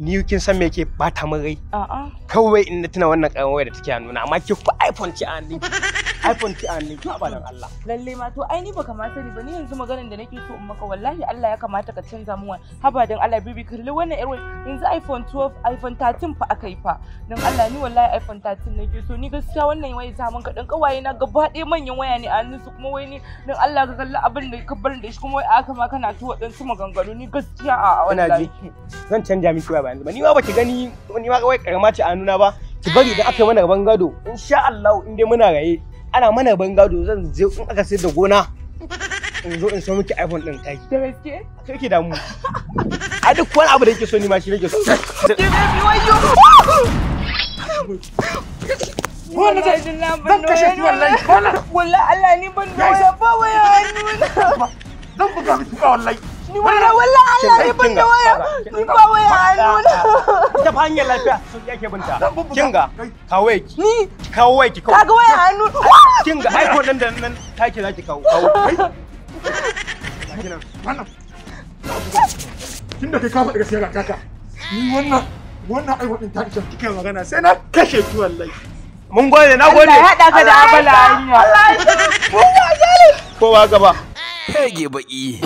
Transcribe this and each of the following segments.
ni kin san me yake bata min rai kawai in na tuna wannan kan waya da take nuna amma ki ku iPhone ci a ni iPhone ci an ne to dan Allah lalle ma to ai ni baka ma sani ba ni yanzu maganar da nake so in maka wallahi Allah ya kamata ka canza mu wani haba dan Allah bibi kalli wannan yar yanzu iPhone 12 iPhone 13 fa akai yi fa dan Allah ni wallahi iPhone 13 nake so ni gaskiya wannan waya ta mun dan kawaye na gaba ɗaya manyan waya ne a hannun su kuma wai ni dan Allah ka kalli abin da ka bar da shi kuma wai aka ma kana tuwa dan su maganganu ni gaskiya a wallahi zan canja miki waya ba yanzu ba ni ma baki gani ni ma wai karama ce a hannuna ba ki bari da aka yi mana gaban gado insha Allah in dai muna raye ana mana bangado zan je in aka sayar da gona in zo in so ki iphone din kai da gaske kai ke damu a duk wani abu da yake so ni ma shi nake so Wala da jin lambar kashe ki wallahi wala wallahi Allah ni ban da waya ba waya nuna zan buga miki wallahi ni wannan wallahi Allah ne ban da waya ni ba waya hannuna ta fa hanyar lafiya su yake binta kinga kawai ki ni kawai ki kawo kaga waya hannu kinga ai ko nan da nan take zaki kawo kawo kai ka faɗi gaskiya ga kaka ni wannan wannan ai wadin ta kike magana sai na kashe ki wallahi mun gode na gode Allah ya ka da abala hanya ko ba gaba hege baki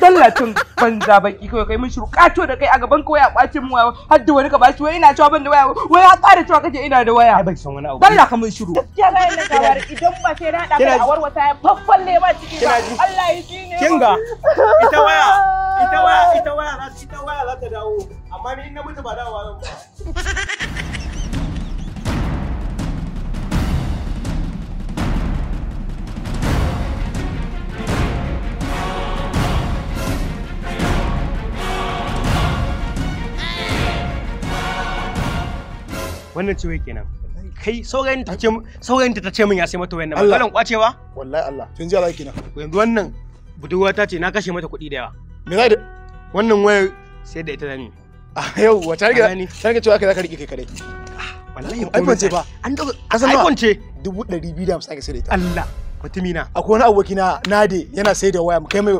dallacin banza baki kawai kai mun shiru kato da kai a gaban kawai a bacin mu har da wani ka bashi wai ina cewa ban da waya wai ya ƙara cewa kake ina da waya ai san wani abu dalla ka mun shiru gaskiya ga yana gabar idan ba sai na da kai a wata ya faffalle ba ciki ba Allah ya kine kinga ita waya ita waya ita waya ita waya za ta dawo amma ni na mutu ba dawowa ba wannan ciwo kenan kai saurayin ta ce ta ce min ya sai mata wayan nan kalan kwacewa wallahi Allah tun jiya zaki na yanzu wannan budurwa ta ce na kashe mata kuɗi da yawa me za da wannan wayar sai da ita zani a ah, yau wata riga ta riga cewa kai za ka rike kai kare ah, wallahi iPhone ce ba an dauka kasan iPhone ce 250 ka sai da ita Allah mutumina akwai wani abokina Nade yana sai da waya mu kai mai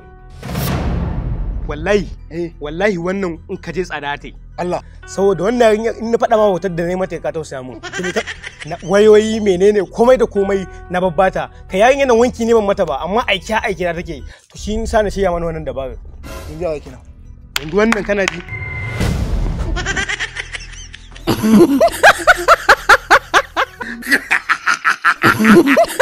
wallahi eh. wallahi wannan in ka je tsada ta Allah saboda wannan in na faɗa ma wutar da na mata ka tausaya mun wayoyi menene komai da komai na babbata ka yarinya yana wanki ne ban mata ba amma aiki aiki na take to shi in sa na shirya mana wannan dabarar ji aiki na yanzu wannan kana ji Ha ha ha ha ha!